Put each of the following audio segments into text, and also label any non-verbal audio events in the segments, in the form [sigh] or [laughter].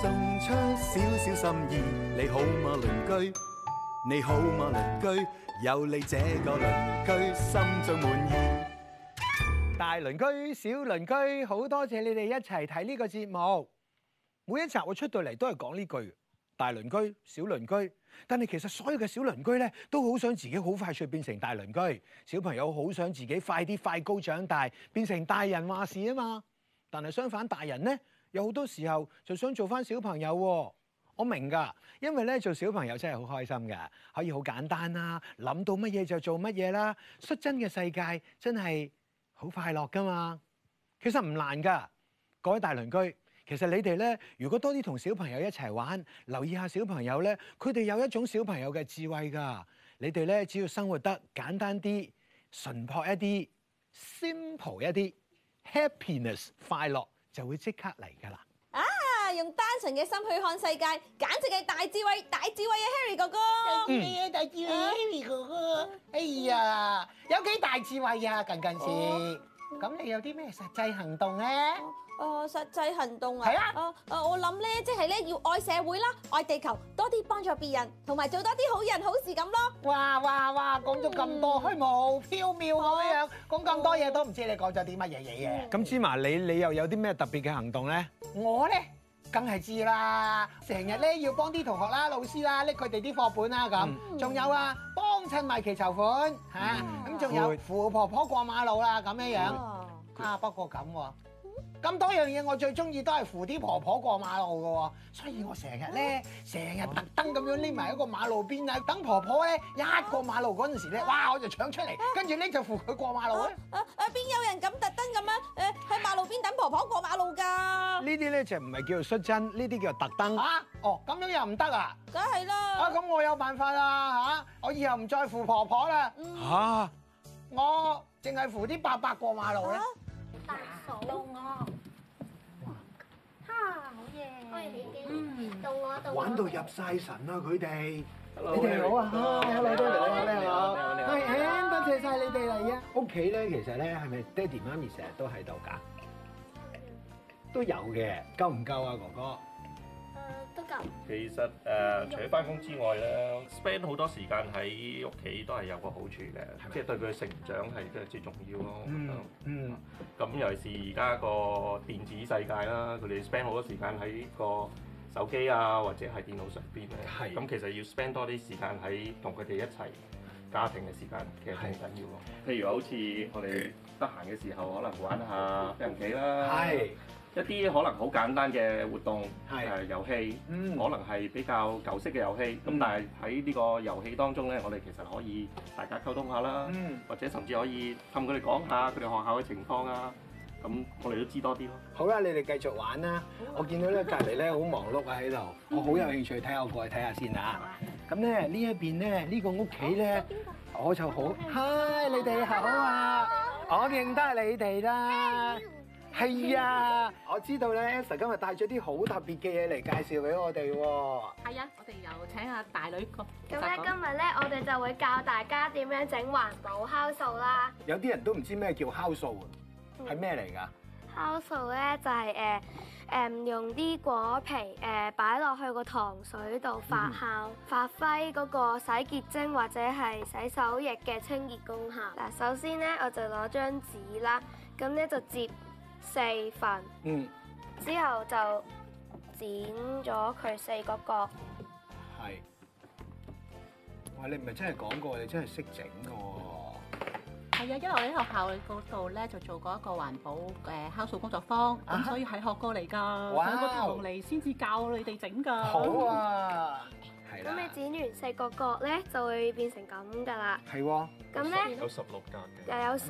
送出少少心意，你好嗎鄰居？你好嗎鄰居？有你這個鄰居，心中滿意。大鄰居、小鄰居，好多謝你哋一齊睇呢個節目。每一集我出到嚟都係講呢句，大鄰居、小鄰居。但係其實所有嘅小鄰居咧，都好想自己好快脆變成大鄰居。小朋友好想自己快啲快高長大，變成大人話事啊嘛。但係相反，大人咧。有好多時候就想做翻小朋友，哦，我明噶，因為咧做小朋友真係好開心嘅，可以好簡單啦，諗到乜嘢就做乜嘢啦，率真嘅世界真係好快樂噶嘛。其實唔難噶，各位大鄰居，其實你哋咧如果多啲同小朋友一齊玩，留意下小朋友咧，佢哋有一種小朋友嘅智慧㗎。你哋咧只要生活得簡單啲，純朴一啲，simple 一啲，happiness 快樂就會即刻嚟㗎啦！啊，用單純嘅心去看世界，簡直係大智慧！大智慧啊，Harry 哥哥！大智慧 Harry 哥哥！啊、哎呀，有幾大智慧啊！近近時，咁、啊、你有啲咩實際行動咧？哦，實際行動啊！係啦，哦，哦，我諗咧，即係咧，要愛社會啦，愛地球，多啲幫助別人，同埋做多啲好人好事咁咯。哇哇哇，講咗咁多虛無縹緲咁樣，講咁多嘢都唔知你講咗啲乜嘢嘢嘢。咁芝麻，你你又有啲咩特別嘅行動咧？我咧，梗係知啦，成日咧要幫啲同學啦、老師啦，拎佢哋啲課本啦咁。仲有啊，幫襯賣旗籌款嚇，咁仲有扶婆婆過馬路啦咁樣樣。啊，不過咁喎。咁多樣嘢，我最中意都係扶啲婆婆過馬路噶，所以我成日咧，成日特登咁樣匿埋一個馬路邊啊，等婆婆咧一過馬路嗰陣時咧，啊、哇，我就搶出嚟，跟住拎就扶佢過馬路啊。啊啊，邊有人咁特登咁樣誒，喺、呃、馬路邊等婆婆過馬路噶？呢啲咧就唔係叫做率真，呢啲叫做特登。吓、啊，哦，咁樣又唔得啊？梗係啦。啊，咁我有辦法啦吓、啊，我以後唔再扶婆婆啦。吓、啊，我淨係扶啲伯伯過馬路咧。啊到我，哈，好嘢！開起機，到我到。玩到入晒神啦，佢哋。你哋好啊，hello daddy，你好，係，多謝晒你哋嚟啊。屋企咧，其實咧係咪爹哋媽咪成日都喺度噶？都有嘅，夠唔夠啊，哥哥？其實誒、呃，除咗翻工之外咧，spend 好多時間喺屋企都係有個好處嘅，即係嗎對佢嘅成長係都係最重要咯、嗯。嗯，咁尤其是而家個電子世界啦，佢哋 spend 好多時間喺個手機啊或者係電腦上邊咧。係的。咁其實要 spend 多啲時間喺同佢哋一齊家庭嘅時間，其實係緊要咯。的譬如好似我哋得閒嘅時候， [coughs] 可能玩一下飛行棋啦。係。一啲可能好簡單嘅活動，係遊戲，可能係比較舊式嘅遊戲。咁但係喺呢個遊戲當中咧，我哋其實可以大家溝通下啦，或者甚至可以氹佢哋講下佢哋學校嘅情況啊。咁我哋都知多啲咯。好啦，你哋繼續玩啦。我見到咧隔離咧好忙碌啊喺度，我好有興趣睇下，我過去睇下先啊。咁咧呢一邊咧呢個屋企咧，我就好。Hi，你哋好啊，我認得你哋啦。係啊！我知道咧 e s p 今日帶咗啲好特別嘅嘢嚟介紹俾我哋喎。係啊，我哋又請下大女哥。咁咧，今日咧，我哋就會教大家點樣整環保酵素啦。有啲人都唔知咩叫酵素啊，係咩嚟㗎？酵素咧就係誒誒用啲果皮誒擺落去個糖水度發酵，發揮嗰個洗潔精或者係洗手液嘅清潔功效。嗱，首先咧，我就攞張紙啦，咁咧就接四份，嗯、之後就剪咗佢四個角。係，哇！你唔係真係講過，你真係識整嘅喎。係啊，因為我喺學校嗰度咧就做過一個環保嘅酵素工作坊，咁、啊、哈 所以係學過嚟㗎。喺個堂嚟先至教你哋整㗎。好啊。咁你剪完四個角咧，就會變成咁噶啦。係喎。咁咧，又有十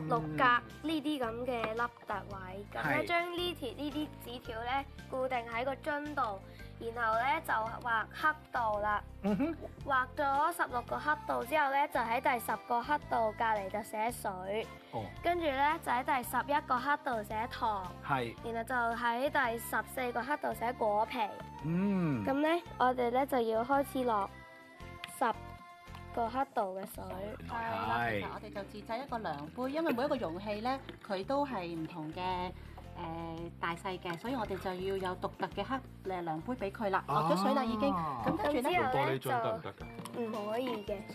六格呢啲咁嘅凹凸位。咁咧、嗯，將呢條是呢啲紙條咧固定喺個樽度，然後咧就畫刻度啦。嗯、哼。畫咗十六個刻度之後咧，就喺第十個刻度隔籬就寫水。哦。跟住咧，就喺第十一個刻度寫糖。係是。然後就喺第十四個刻度寫果皮。嗯，咁咧，我哋咧就要開始落十個刻度嘅水。係了，嗱對，我哋就自製一個量杯，因為每一個容器咧，佢都係唔同嘅誒、呃、大細嘅，所以我哋就要有獨特嘅刻誒量杯俾佢啦。落咗、啊、水啦，已經。咁跟住咧就用玻璃樽得唔得？唔可以嘅，點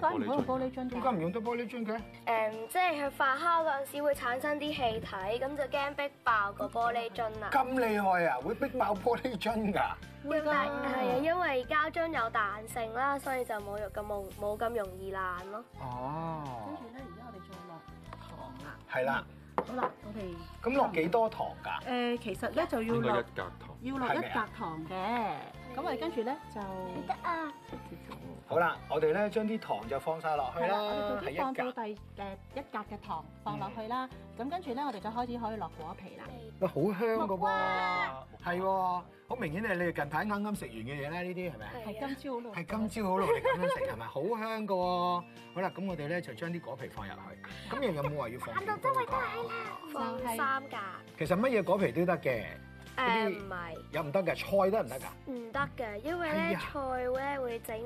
解唔用玻璃樽？點解唔用得玻璃樽嘅？誒但，um, 即係佢發酵嗰陣時會產生啲氣體，咁就驚逼爆個玻璃樽啦。咁厲害啊！會逼爆玻璃樽㗎？會㗎，係啊吧，因為膠樽有彈性啦，所以就冇咁冇冇咁容易爛咯。哦、oh.。跟住咧，而家我哋再落糖啦。係啦。好啦，我哋咁落幾多糖㗎？誒、呃，其實咧就要落的一格糖，要落一格糖嘅。咁我哋跟住咧就得啊！好啦，我哋咧將啲糖就放晒落去啦，係放到第誒一格嘅糖放落去啦。咁跟住咧，我哋就開始可以落果皮啦。喂，好香嘅喎，係喎，好明顯係你哋近排啱啱食完嘅嘢啦，呢啲係咪？係今朝好努力。係今朝好努力咁樣食係咪？好香嘅喎！好啦，咁我哋咧就將啲果皮放入去。咁又有冇話要放幾多格啊？放三格。其實乜嘢果皮都得嘅。誒唔係，有唔得嘅菜得唔得㗎？唔得嘅，因為咧菜咧會整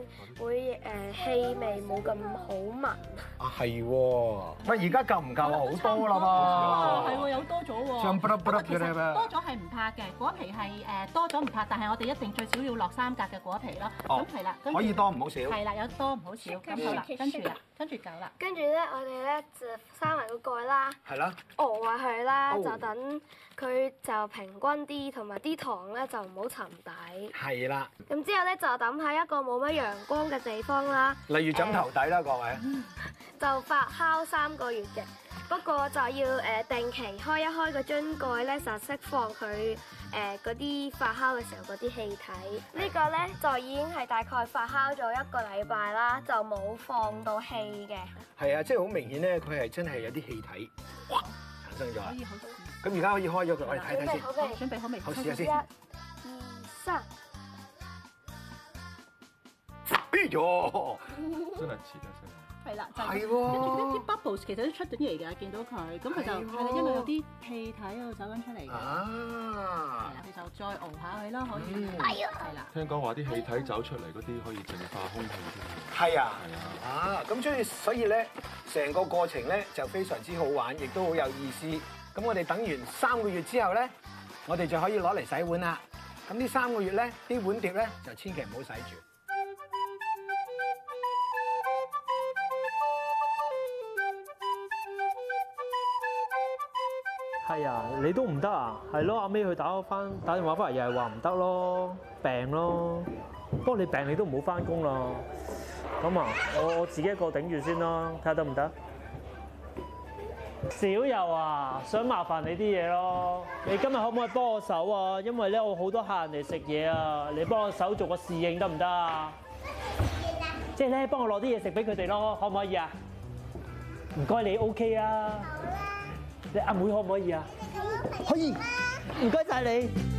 會誒氣味冇咁好聞。啊係喎，唔係而家夠唔夠？好多啦噃，係喎有多咗喎。像 bulabulabu 啲咩？多咗係唔怕嘅，果皮係誒。多咗唔怕，但係我哋一定最少要落三格嘅果皮咯。哦，咁係啦，可以多唔好少。係啦，有多唔好少。咁好啦，跟住，跟住走啦。跟住咧，我哋咧就收埋個蓋啦。係啦。蓋住佢啦。哦。就等佢就平均啲。同埋啲糖咧就唔好沉底，係啦。咁之後咧就抌喺一個冇乜陽光嘅地方啦，例如枕頭底啦，呃、各位。就發酵三個月嘅，不過就要誒定期開一開個樽蓋咧，就釋放佢誒嗰啲發酵嘅時候嗰啲氣體。呢、呢個咧就已經係大概發酵咗一個禮拜啦，就冇放到氣嘅。係啊，即係好明顯咧，佢係真係有啲氣體產生咗。哎咁而家可以開咗佢，我哋睇睇先。準備好未？好試下先。一、二、三，飛咗！真係前一隻。係啦，係喎。跟住嗰啲 bubbles 其實都出緊嚟㗎，見到佢，咁佢就係啦，因為有啲氣體喺度走緊出嚟。啊，係啦，佢就再熬下去啦，可以。係啊。係啦。聽講話啲氣體走出嚟嗰啲可以淨化空氣添。係啊。係啊。啊，咁所以所以咧，成個過程咧就非常之好玩，亦都好有意思。咁我哋等完三個月之後咧，我哋就可以攞嚟洗碗啦。咁呢三個月咧，啲碗碟咧就千祈唔好洗住。係啊，你都唔得啊，係咯，後尾佢打翻打電話翻嚟又係話唔得咯，病咯。不過你病你都唔好翻工咯。咁啊，我我自己一個頂住先咯，睇下得唔得？小柔啊，想麻煩你啲嘢咯，你今日可唔可以幫我手啊？因為咧我好多客人嚟食嘢啊，你幫我手做個侍應得唔得啊？即係咧幫我攞啲嘢食俾佢哋咯，可唔可以啊？唔該你 OK 啊，你阿妹可唔可以啊？可以，唔該晒你。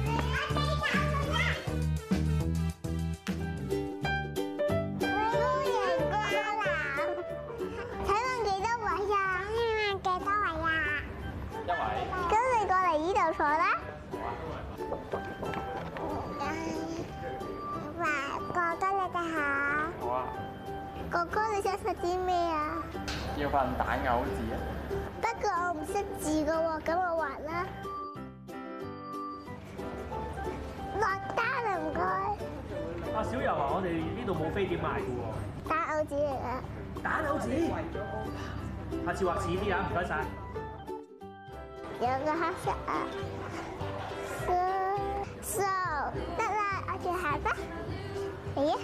畫啲咩啊？要份蛋牛治啊！不過我唔識字噶喎，咁我畫啦。落單啦唔該。阿、啊、小柔話我哋呢度冇飛碟賣噶喎。蛋牛治嚟嘅。蛋牛治？下次畫字啲啊，唔該晒。有個黑色、啊。So 得啦，我住下啦。咦、哎。」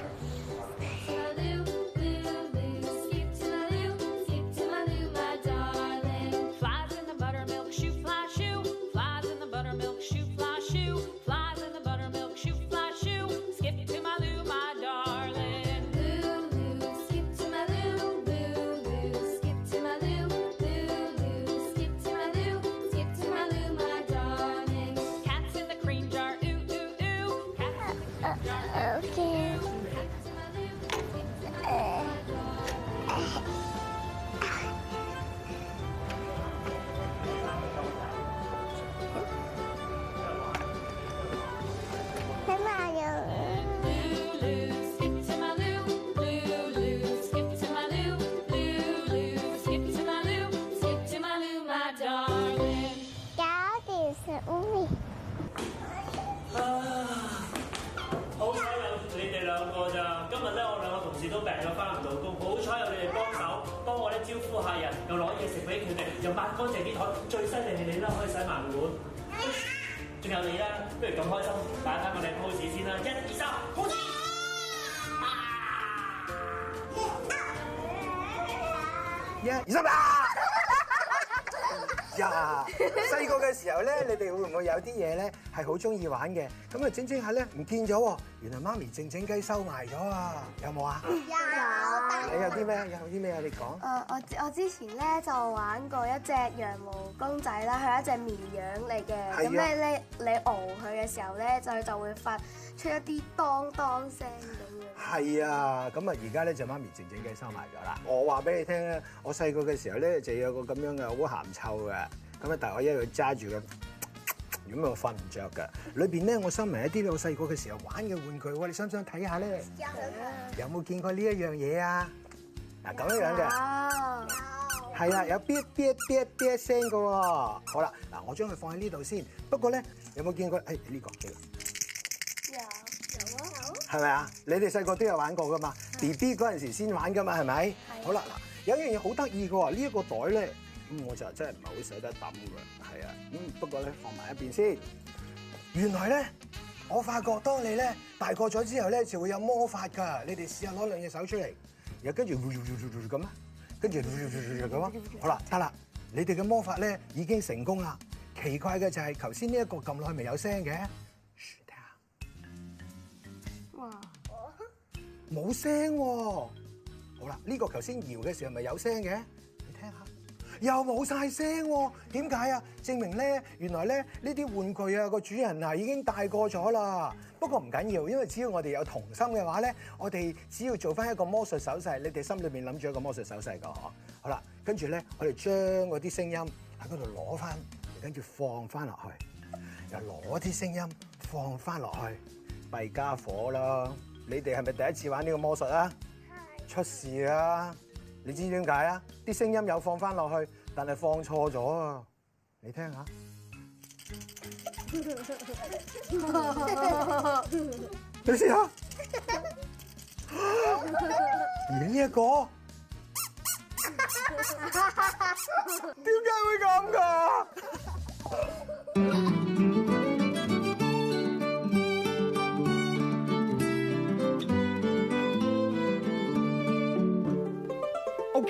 抹乾淨啲台，最犀利係你啦，可以洗埋碗。仲有你啦，不如咁開心，大家睇我哋 pose 先啦，一、二、三，開始。一、二、三，啦。呀，細個嘅時候咧，你哋會唔會有啲嘢咧係好中意玩嘅？咁啊，整整下咧唔見咗喎，原來媽咪靜靜雞收埋咗啊！有冇啊、yeah, yeah？有。你有啲咩？有啲咩啊？你講。誒，我我之前咧就玩過一隻羊毛公仔啦，係一隻綿羊嚟嘅。係啊。咁咧咧，你撲佢嘅時候咧，就就會發出一啲噹噹聲咁樣。係啊，咁啊，而家咧就媽咪靜靜雞收埋咗啦。我話俾你聽咧，我細個嘅時候咧就有個咁樣嘅好鹹臭嘅。咁啊！但係我一路揸住嘅，如果我瞓唔着嘅，裏邊咧我收埋一啲我細個嘅時候玩嘅玩具。我哋想唔想睇下咧，有冇見過呢一樣嘢啊？嗱，咁樣樣嘅，係啊，有咇咇咇咇聲嘅。好啦，嗱，我將佢放喺呢度先。不過咧，有冇見過？誒、哎，呢、這個有有啊？係咪啊？你哋細個都有玩過噶嘛？B B 嗰陣時先玩噶嘛？係咪？的好啦，嗱，有一樣嘢好得意嘅喎，呢、這、一個袋咧。咁我就真係唔係好捨得抌嘅，係啊。咁不過咧，放埋一邊先。原來咧，我發覺當你咧大個咗之後咧，就會有魔法㗎。你哋試下攞兩隻手出嚟，然後跟住咁啊，跟住咁啊，好啦，得啦。你哋嘅魔法咧已經成功啦。奇怪嘅就係頭先呢一個咁耐未有聲嘅，你睇下，看看哇，冇聲喎、啊。好啦，呢、這個頭先搖嘅時候咪有聲嘅，你聽下。又冇晒聲，點解啊？證明咧，原來咧呢啲玩具啊個主人啊已經大個咗啦。不過唔緊要，因為只要我哋有童心嘅話咧，我哋只要做翻一個魔術手勢，你哋心裏面諗住一個魔術手勢㗎呵。好啦，跟住咧，我哋將嗰啲聲音喺嗰度攞翻，跟住放翻落去，又攞啲聲音放翻落去，弊家伙啦！你哋係咪第一次玩呢個魔術啊？Hi. 出事啦！你知點解啊？啲聲音有放翻落去，但係放錯咗啊！你聽下，你試下你呢個點解會咁噶？